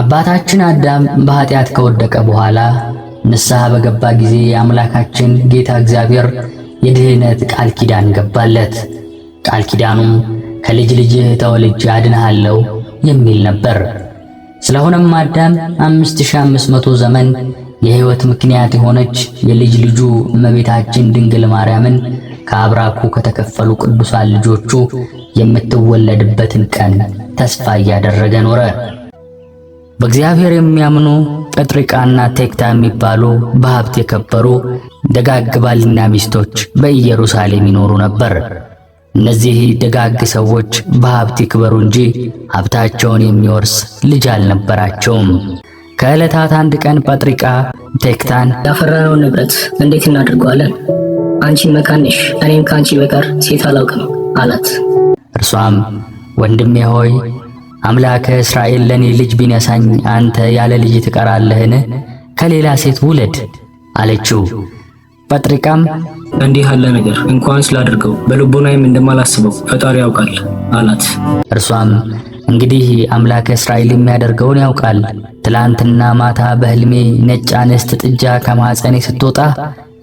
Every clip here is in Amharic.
አባታችን አዳም በኃጢአት ከወደቀ በኋላ ንስሐ በገባ ጊዜ የአምላካችን ጌታ እግዚአብሔር የድህነት ቃል ኪዳን ገባለት። ቃል ኪዳኑም ከልጅ ልጅህ ተወልጅ አድንሃለሁ የሚል ነበር። ስለሆነም አዳም 5500 ዘመን የህይወት ምክንያት የሆነች የልጅ ልጁ እመቤታችን ድንግል ማርያምን ከአብራኩ ከተከፈሉ ቅዱሳን ልጆቹ የምትወለድበትን ቀን ተስፋ እያደረገ ኖረ። በእግዚአብሔር የሚያምኑ ጴጥሪቃና ቴክታ የሚባሉ በሀብት የከበሩ ደጋግ ባልና ሚስቶች በኢየሩሳሌም ይኖሩ ነበር። እነዚህ ደጋግ ሰዎች በሀብት ይክበሩ እንጂ ሀብታቸውን የሚወርስ ልጅ አልነበራቸውም። ከዕለታት አንድ ቀን ጴጥሪቃ ቴክታን ያፈራነው ንብረት እንዴት እናድርገዋለን? አንቺ መካንሽ፣ እኔም ከአንቺ በቀር ሴት አላውቅም አላት። እርሷም ወንድሜ ሆይ አምላከ እስራኤል ለኔ ልጅ ቢነሳኝ አንተ ያለ ልጅ ትቀራለህን? ከሌላ ሴት ውለድ አለችው። ጰጥሪቃም እንዲህ ያለ ነገር እንኳን ስላደርገው በልቦናዬም እንደማላስበው ፈጣሪ ያውቃል አላት። እርሷም እንግዲህ አምላከ እስራኤል የሚያደርገውን ያውቃል። ትላንትና ማታ በህልሜ ነጭ አንስት ጥጃ ከማኅፀኔ ስትወጣ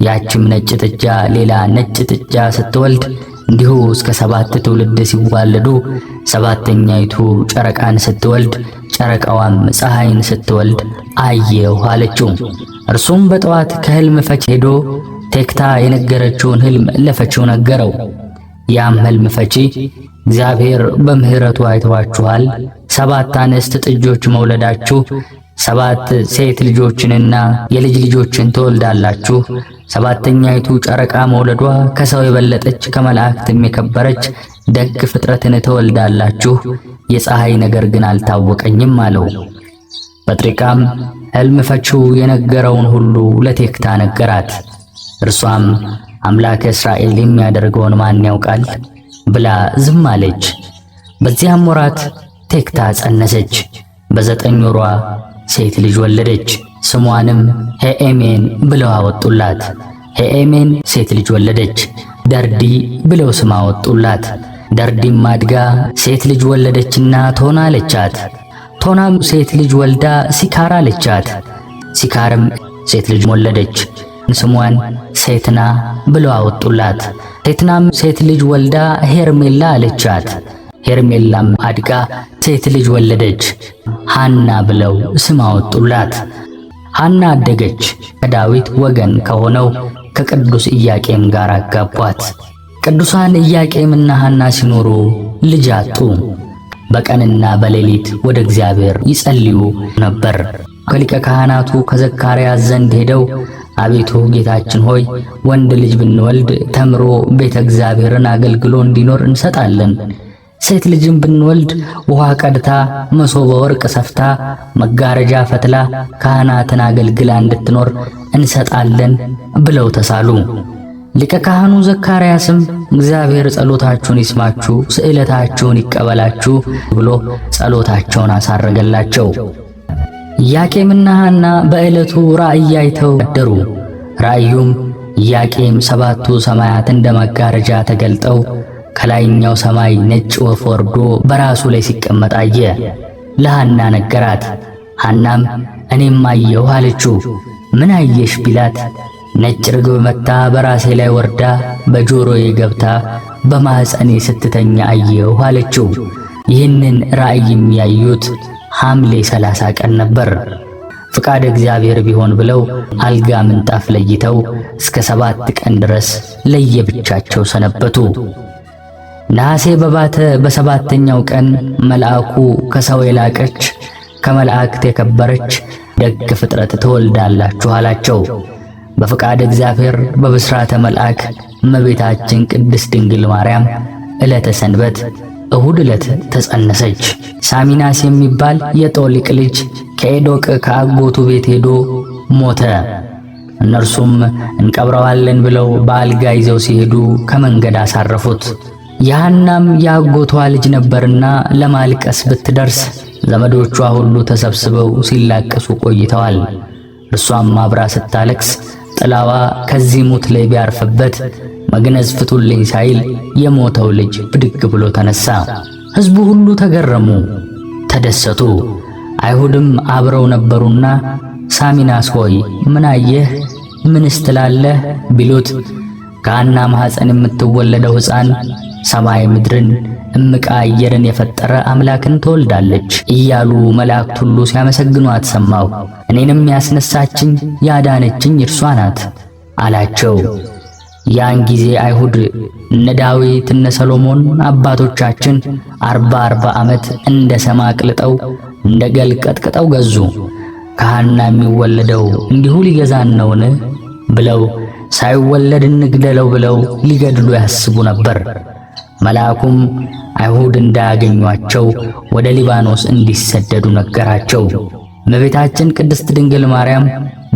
ያችም ነጭ ጥጃ ሌላ ነጭ ጥጃ ስትወልድ እንዲሁ እስከ ሰባት ትውልድ ሲዋለዱ ሰባተኛይቱ ጨረቃን ስትወልድ ጨረቃዋም ፀሐይን ስትወልድ አየሁ አለችው። እርሱም በጠዋት ከህልም ፈች ሄዶ ቴክታ የነገረችውን ህልም ለፈቺው ነገረው። ያም ህልም ፈቺ እግዚአብሔር በምህረቱ አይተዋችኋል፣ ሰባት አንስት ጥጆች መውለዳችሁ ሰባት ሴት ልጆችንና የልጅ ልጆችን ትወልዳላችሁ። ሰባተኛይቱ ጨረቃ መውለዷ ከሰው የበለጠች ከመላእክትም የከበረች ደግ ፍጥረትን ትወልዳላችሁ። የፀሐይ ነገር ግን አልታወቀኝም አለው። በጥሪቃም ሕልም ፈቺው የነገረውን ሁሉ ለቴክታ ነገራት። እርሷም አምላከ እስራኤል የሚያደርገውን ማን ያውቃል ብላ ዝም አለች። በዚያም ወራት ቴክታ ጸነሰች። በዘጠኝ ወሯ ሴት ልጅ ወለደች። ስሟንም ሄኤሜን ብለው አወጡላት። ሄኤሜን ሴት ልጅ ወለደች። ደርዲ ብለው ስም አወጡላት። ደርዲም አድጋ ሴት ልጅ ወለደችና ቶና አለቻት። ቶናም ሴት ልጅ ወልዳ ሲካር አለቻት። ሲካርም ሴት ልጅ ወለደች። ስሟን ሴትና ብለው አወጡላት። ሴትናም ሴት ልጅ ወልዳ ሄርሜላ አለቻት። ሄርሜላም አድጋ ሴት ልጅ ወለደች። ሃና ብለው ስም አወጡላት። ሃና አደገች። ከዳዊት ወገን ከሆነው ከቅዱስ ኢያቄም ጋር አጋቧት። ቅዱሳን ኢያቄምና ሃና ሲኖሩ ልጅ አጡ። በቀንና በሌሊት ወደ እግዚአብሔር ይጸልዩ ነበር። ከሊቀ ካህናቱ ከዘካርያስ ዘንድ ሄደው አቤቱ ጌታችን ሆይ ወንድ ልጅ ብንወልድ ተምሮ ቤተ እግዚአብሔርን አገልግሎ እንዲኖር እንሰጣለን ሴት ልጅም ብንወልድ ውሃ ቀድታ መሶበ ወርቅ ሰፍታ መጋረጃ ፈትላ ካህናትን አገልግላ እንድትኖር እንሰጣለን ብለው ተሳሉ። ሊቀ ካህኑ ዘካርያስም እግዚአብሔር ጸሎታችሁን ይስማችሁ፣ ስዕለታችሁን ይቀበላችሁ ብሎ ጸሎታቸውን አሳረገላቸው። ኢያቄምና ሐና በዕለቱ ራእይ አይተው አደሩ። ራእዩም ኢያቄም ሰባቱ ሰማያት እንደ መጋረጃ ተገልጠው ከላይኛው ሰማይ ነጭ ወፍ ወርዶ በራሱ ላይ ሲቀመጥ አየ። ለሃና ነገራት። ሃናም እኔም አየሁ አለችው። ምን አየሽ ቢላት ነጭ ርግብ መታ በራሴ ላይ ወርዳ በጆሮዬ ገብታ በማህፀኔ ስትተኛ አየሁ አለችው። ይህንን ራእይ የሚያዩት ሐምሌ ሰላሳ ቀን ነበር። ፍቃድ እግዚአብሔር ቢሆን ብለው አልጋ ምንጣፍ ለይተው እስከ ሰባት ቀን ድረስ ለየብቻቸው ሰነበቱ። ነሐሴ በባተ በሰባተኛው ቀን መልአኩ ከሰው የላቀች ከመላእክት የከበረች ደግ ፍጥረት ትወልዳላችሁ አላቸው። በፈቃድ እግዚአብሔር በብስራተ መልአክ እመቤታችን ቅድስት ድንግል ማርያም ዕለተ ሰንበት እሁድ ዕለት ተጸነሰች። ሳሚናስ የሚባል የጦሊቅ ልጅ ከኤዶቅ ከአጎቱ ቤት ሄዶ ሞተ። እነርሱም እንቀብረዋለን ብለው በአልጋ ይዘው ሲሄዱ ከመንገድ አሳረፉት። የሐናም ያጎቷ ልጅ ነበርና ለማልቀስ ብትደርስ ዘመዶቿ ሁሉ ተሰብስበው ሲላቀሱ ቆይተዋል። እርሷም አብራ ስታለቅስ ጥላዋ ከዚህ ሙት ላይ ቢያርፍበት መግነዝ ፍቱልኝ ሳይል የሞተው ልጅ ብድግ ብሎ ተነሳ። ሕዝቡ ሁሉ ተገረሙ፣ ተደሰቱ። አይሁድም አብረው ነበሩና ሳሚናስ ሆይ ምን አየህ? ምንስ ትላለህ? ቢሉት ከአና ማኅፀን የምትወለደው ሕፃን ሰማይ ምድርን እምቃ አየርን የፈጠረ አምላክን ትወልዳለች እያሉ መላእክት ሁሉ ሲያመሰግኑ አትሰማው። እኔንም ያስነሳችኝ ያዳነችኝ እርሷ ናት አላቸው። ያን ጊዜ አይሁድ እነ ዳዊት እነ ሰሎሞን አባቶቻችን አርባ አርባ ዓመት እንደ ሰማ ቅልጠው እንደ ገል ቀጥቅጠው ገዙ። ካህና የሚወለደው እንዲሁ ሊገዛን ነውን ብለው ሳይወለድ እንግደለው ብለው ሊገድሉ ያስቡ ነበር። መልአኩም አይሁድ እንዳያገኟቸው ወደ ሊባኖስ እንዲሰደዱ ነገራቸው። እመቤታችን ቅድስት ድንግል ማርያም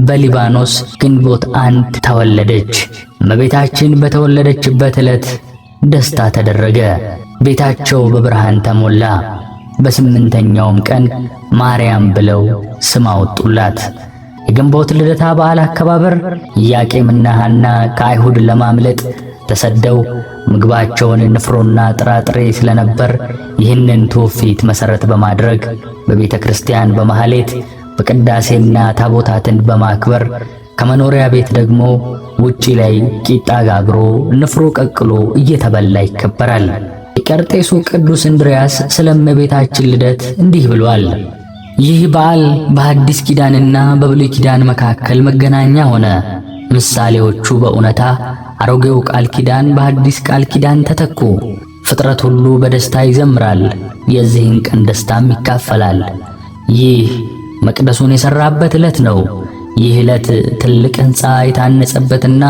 በሊባኖስ ግንቦት አንድ ተወለደች። እመቤታችን በተወለደችበት ዕለት ደስታ ተደረገ። ቤታቸው በብርሃን ተሞላ። በስምንተኛውም ቀን ማርያም ብለው ስም አወጡላት። የግንቦት ልደታ በዓል አከባበር ኢያቄምና ሐና ከአይሁድ ለማምለጥ ተሰደው ምግባቸውን ንፍሮና ጥራጥሬ ስለነበር ይህንን ትውፊት መሰረት በማድረግ በቤተ ክርስቲያን በማህሌት በቅዳሴና ታቦታትን በማክበር ከመኖሪያ ቤት ደግሞ ውጪ ላይ ቂጣ ጋግሮ ንፍሮ ቀቅሎ እየተበላ ይከበራል። የቀርጤሱ ቅዱስ እንድርያስ ስለ እመቤታችን ልደት እንዲህ ብሏል። ይህ በዓል በአዲስ ኪዳንና በብሉይ ኪዳን መካከል መገናኛ ሆነ። ምሳሌዎቹ በእውነታ አሮጌው ቃል ኪዳን በአዲስ ቃል ኪዳን ተተኩ። ፍጥረት ሁሉ በደስታ ይዘምራል፣ የዚህን ቀን ደስታም ይካፈላል። ይህ መቅደሱን የሰራበት ዕለት ነው። ይህ ዕለት ትልቅ ሕንፃ የታነጸበትና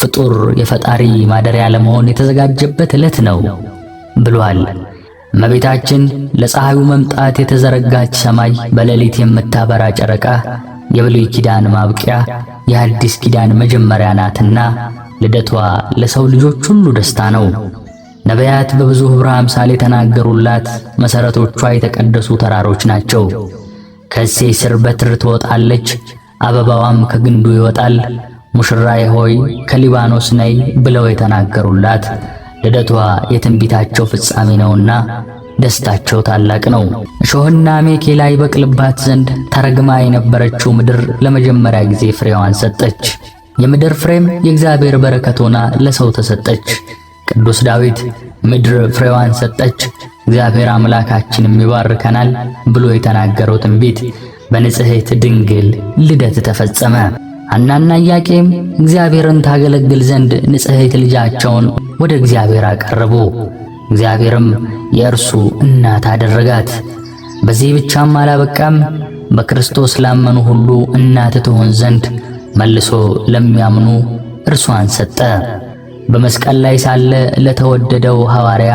ፍጡር የፈጣሪ ማደሪያ ለመሆን የተዘጋጀበት ዕለት ነው ብሏል። እመቤታችን ለፀሐዩ መምጣት የተዘረጋች ሰማይ፣ በሌሊት የምታበራ ጨረቃ የብሉይ ኪዳን ማብቂያ የአዲስ ኪዳን መጀመሪያ ናትና ልደቷ ለሰው ልጆች ሁሉ ደስታ ነው። ነቢያት በብዙ ኅብረ አምሳል የተናገሩላት መሠረቶቿ የተቀደሱ ተራሮች ናቸው። ከእሴይ ስር በትር ትወጣለች፣ አበባዋም ከግንዱ ይወጣል፣ ሙሽራዬ ሆይ ከሊባኖስ ነይ ብለው የተናገሩላት ልደቷ የትንቢታቸው ፍጻሜ ነውና ደስታቸው ታላቅ ነው። እሾህና አሜኬላ ይበቅልባት ዘንድ ተረግማ የነበረችው ምድር ለመጀመሪያ ጊዜ ፍሬዋን ሰጠች። የምድር ፍሬም የእግዚአብሔር በረከት ሆና ለሰው ተሰጠች። ቅዱስ ዳዊት ምድር ፍሬዋን ሰጠች፣ እግዚአብሔር አምላካችንም ይባርከናል ብሎ የተናገረው ትንቢት በንጽሕት ድንግል ልደት ተፈጸመ። ሐናና ኢያቄም እግዚአብሔርን ታገለግል ዘንድ ንጽሕት ልጃቸውን ወደ እግዚአብሔር አቀረቡ። እግዚአብሔርም የእርሱ እናት አደረጋት። በዚህ ብቻም አላበቃም። በክርስቶስ ላመኑ ሁሉ እናት ትሆን ዘንድ መልሶ ለሚያምኑ እርሷን ሰጠ። በመስቀል ላይ ሳለ ለተወደደው ሐዋርያ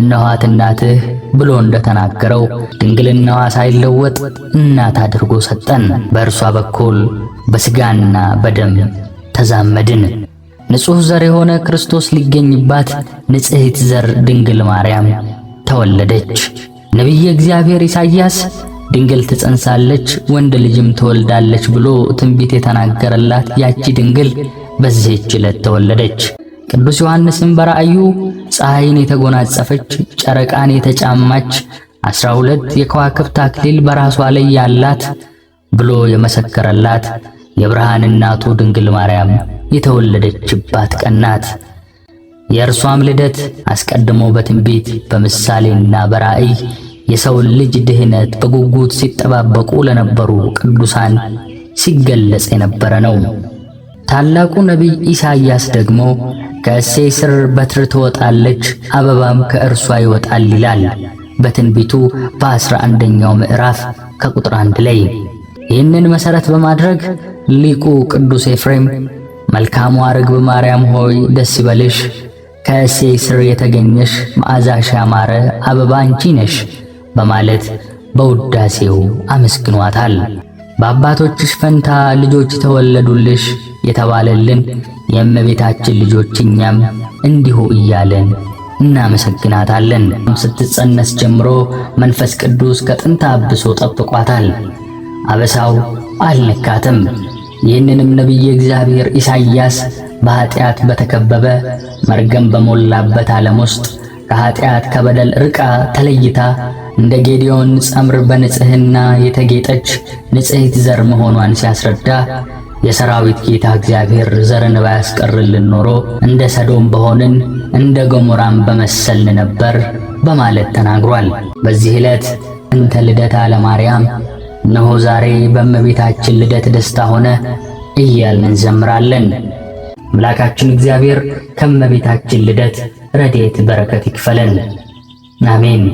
እነኋት እናትህ ብሎ እንደተናገረው ድንግልናዋ ሳይለወጥ እናት አድርጎ ሰጠን። በእርሷ በኩል በስጋና በደም ተዛመድን። ንጹሕ ዘር የሆነ ክርስቶስ ሊገኝባት ንጽሕት ዘር ድንግል ማርያም ተወለደች። ነቢየ እግዚአብሔር ኢሳይያስ ድንግል ትጸንሳለች ወንድ ልጅም ትወልዳለች ብሎ ትንቢት የተናገረላት ያቺ ድንግል በዚህች ዕለት ተወለደች። ቅዱስ ዮሐንስም በራእዩ ፀሐይን የተጎናጸፈች ጨረቃን የተጫማች አስራ ሁለት የከዋክብት አክሊል በራሷ ላይ ያላት ብሎ የመሰከረላት የብርሃን እናቱ ድንግል ማርያም የተወለደችባት ቀን ናት። የእርሷም ልደት አስቀድሞ በትንቢት በምሳሌና በራእይ የሰውን ልጅ ድህነት በጉጉት ሲጠባበቁ ለነበሩ ቅዱሳን ሲገለጽ የነበረ ነው። ታላቁ ነቢይ ኢሳይያስ ደግሞ ከእሴይ ስር በትር ትወጣለች፣ አበባም ከእርሷ ይወጣል ይላል በትንቢቱ በአስራ አንደኛው ምዕራፍ ከቁጥር አንድ ላይ። ይህንን መሠረት በማድረግ ሊቁ ቅዱስ ኤፍሬም መልካሟ ርግብ ማርያም ሆይ ደስ ይበልሽ፣ ከእሴይ ስር የተገኘሽ መዓዛሽ ያማረ አበባ አንቺ ነሽ በማለት በውዳሴው አመስግኗታል። በአባቶችሽ ፈንታ ልጆች ተወለዱልሽ የተባለልን የእመቤታችን ልጆች እኛም እንዲሁ እያለን እናመሰግናታለን። ስትጸነስ ጀምሮ መንፈስ ቅዱስ ከጥንታ አብሶ ጠብቋታል። አበሳው አልነካትም። ይህንንም ነቢየ እግዚአብሔር ኢሳይያስ በኀጢአት በተከበበ መርገም በሞላበት ዓለም ውስጥ ከኀጢአት ከበደል ርቃ ተለይታ እንደ ጌዲዮን ጸምር በንጽሕና የተጌጠች ንጽሕት ዘር መሆኗን ሲያስረዳ የሰራዊት ጌታ እግዚአብሔር ዘርን ባያስቀርልን ኖሮ እንደ ሰዶም በሆንን እንደ ገሞራም በመሰልን ነበር በማለት ተናግሯል። በዚህ ዕለት እንተ ልደታ ለማርያም እነሆ ዛሬ በእመቤታችን ልደት ደስታ ሆነ እያልን እንዘምራለን። አምላካችን እግዚአብሔር ከእመቤታችን ልደት ረድኤት በረከት ይክፈለን። አሜን።